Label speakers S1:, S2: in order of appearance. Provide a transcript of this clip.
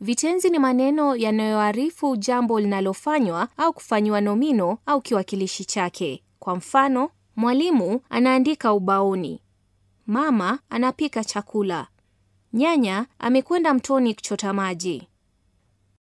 S1: Vitenzi ni maneno yanayoarifu jambo linalofanywa au kufanyiwa nomino au kiwakilishi chake. Kwa mfano, mwalimu anaandika ubaoni, mama anapika chakula, nyanya amekwenda mtoni kuchota maji.